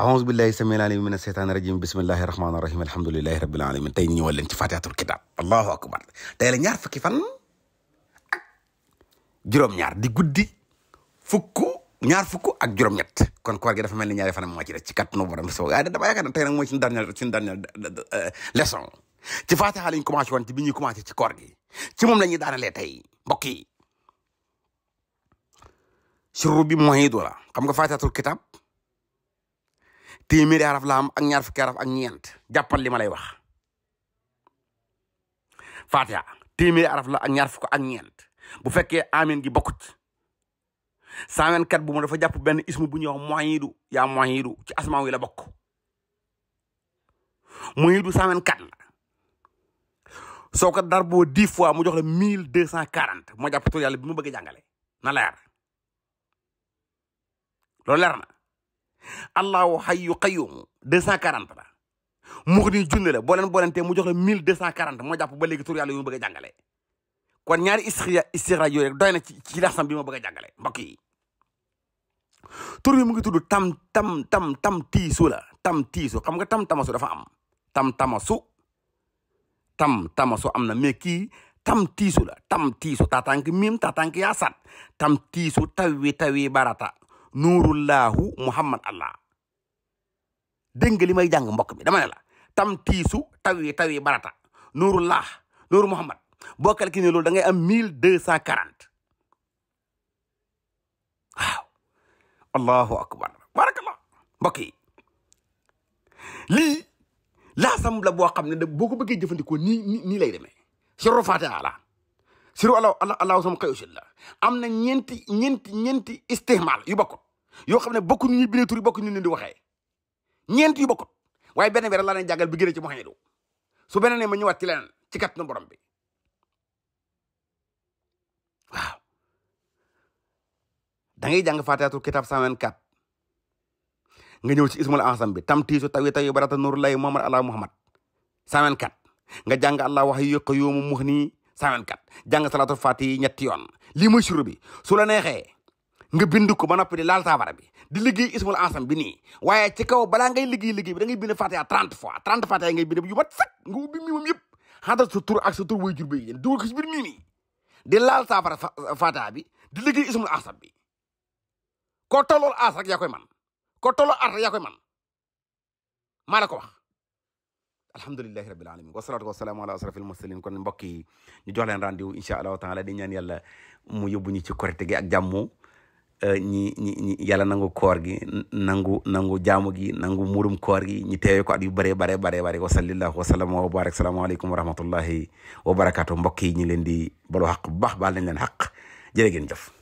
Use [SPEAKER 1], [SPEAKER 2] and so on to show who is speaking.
[SPEAKER 1] أعوذ بالله السميع العليم من الشيطان الرجيم بسم الله الرحمن الرحيم الحمد لله رب العالمين تاي ني ولا انت فاتات الكتاب الله اكبر تاي لا نيار فكي فان جروم نيار دي غودي فكو نيار فكو اك جروم نيت كون كوار دا فمل نياري فان ما تي رتي كات نو بورم سو آه، دا با يكان تاي نا موي سين دانيال سين دانيال ليسون تي فاتحه لي كوماسي وون تي بي ني كوماسي تي كوار غي تي موم لا ني دانا لي تاي مبوكي شروبي موهيدولا خمغا فاتات الكتاب téeméeri araf la am ak ñaar fukki araf ak ñent jappal li ma lay wax fatia téeméeri araf la ak ñaar fukk ak ñent bu fekke amin gi bokut samen kat bu mu dafa japp ben ismu bu ñuy wax muhidu yaa muhidu ci asma wi la bok moyidu samen kat quatre la soo ko dar boo dix fois mu jox la 1240 mo japp quarante yalla bi mu bëgg jangalé na leer loolu leer na allahu hayyu qayyum 240 la mux ni junne la bo len desa mu joxé 1240 mo japp ba légui tour yalla yu bëgg a kon ñaari istikhra istikhra yoy rek doyna na ci ci laxsam bi mo bëgg a mbokk yi tour mu ngi tuddu tam tam tam tam tisu la tam tisu. xam nga tam tamasu dafa am tam tamasu tam tamasu amna meki mais ki tam tisu la tam tisu tatank mim tatank yaasat tam tisu tawi tawi barata nuurullaahu muhammad allah dégg nga li may jàng mbokk mi dama ne la tam tiisu taw yi taw yi barata nuurullah nuuru muhammad boo calculé lool da ngay am mille de cent quarante waaw allahu akbar ma mbokk yi lii laasam la boo xam ne da boo ko bëggee jëfandikoo nii nii lay demee si rofaate ala siru alaw allah allah sama kayu shilla amna nyenti nyenti nyenti istihmal yu bokkut yoo xam ne bokkuñu ñu bindee turi bokkuñu ñu di waxee ñeent yu bokkut waaye benn bi rek laa leen jàngal bi gënee ci Mouhamedou su beneen ma ñëwaat ci leneen ci kàttanu borom bi waaw da ngay jàng fatihatul kitab 124 nga ñëw ci ismul ahsan bi tam tiisu tawi tawi barata nur lay muhammad ala muhammad 124 nga jàng allah wahyu qayyum muhni 54 jang salatu fati ñetti yoon li moy suru bi su la nexé nga bindu ko ba noppi di lal saafara bi di liggey ismul ansam bi ni waye ci kaw bala ngay liggey liggey bi da ngay bind fatiha 30 fois 30 fati ngay bind yu bat sëkk nga bi mi mom yëpp xaaral su tour ak su tour way jurbe yi yéen dugal ko ci bir mi mii di lal saafara fata bi di liggey ismul ansam bi ko tolol as rek yakoy man ko tolol ar yakoy man maa ko wax الحمد لله رب العالمين والصلاة والسلام على أشرف المرسلين كون مبكي ني جوخ لين رانديو إن شاء الله تعالى دي نيان يالا مو يوبو ني سي كورتي جي اك جامو ني ني ني يالا نانغو كور جي نانغو نانغو جامو جي نانغو مورم كور جي ني تيي كو ادي بري بري بري بري وصلى الله وسلم وبارك السلام عليكم ورحمة الله وبركاته مبكي ني لين دي بلو حق باخ بال لين حق جيرين جيف جي جي جي جي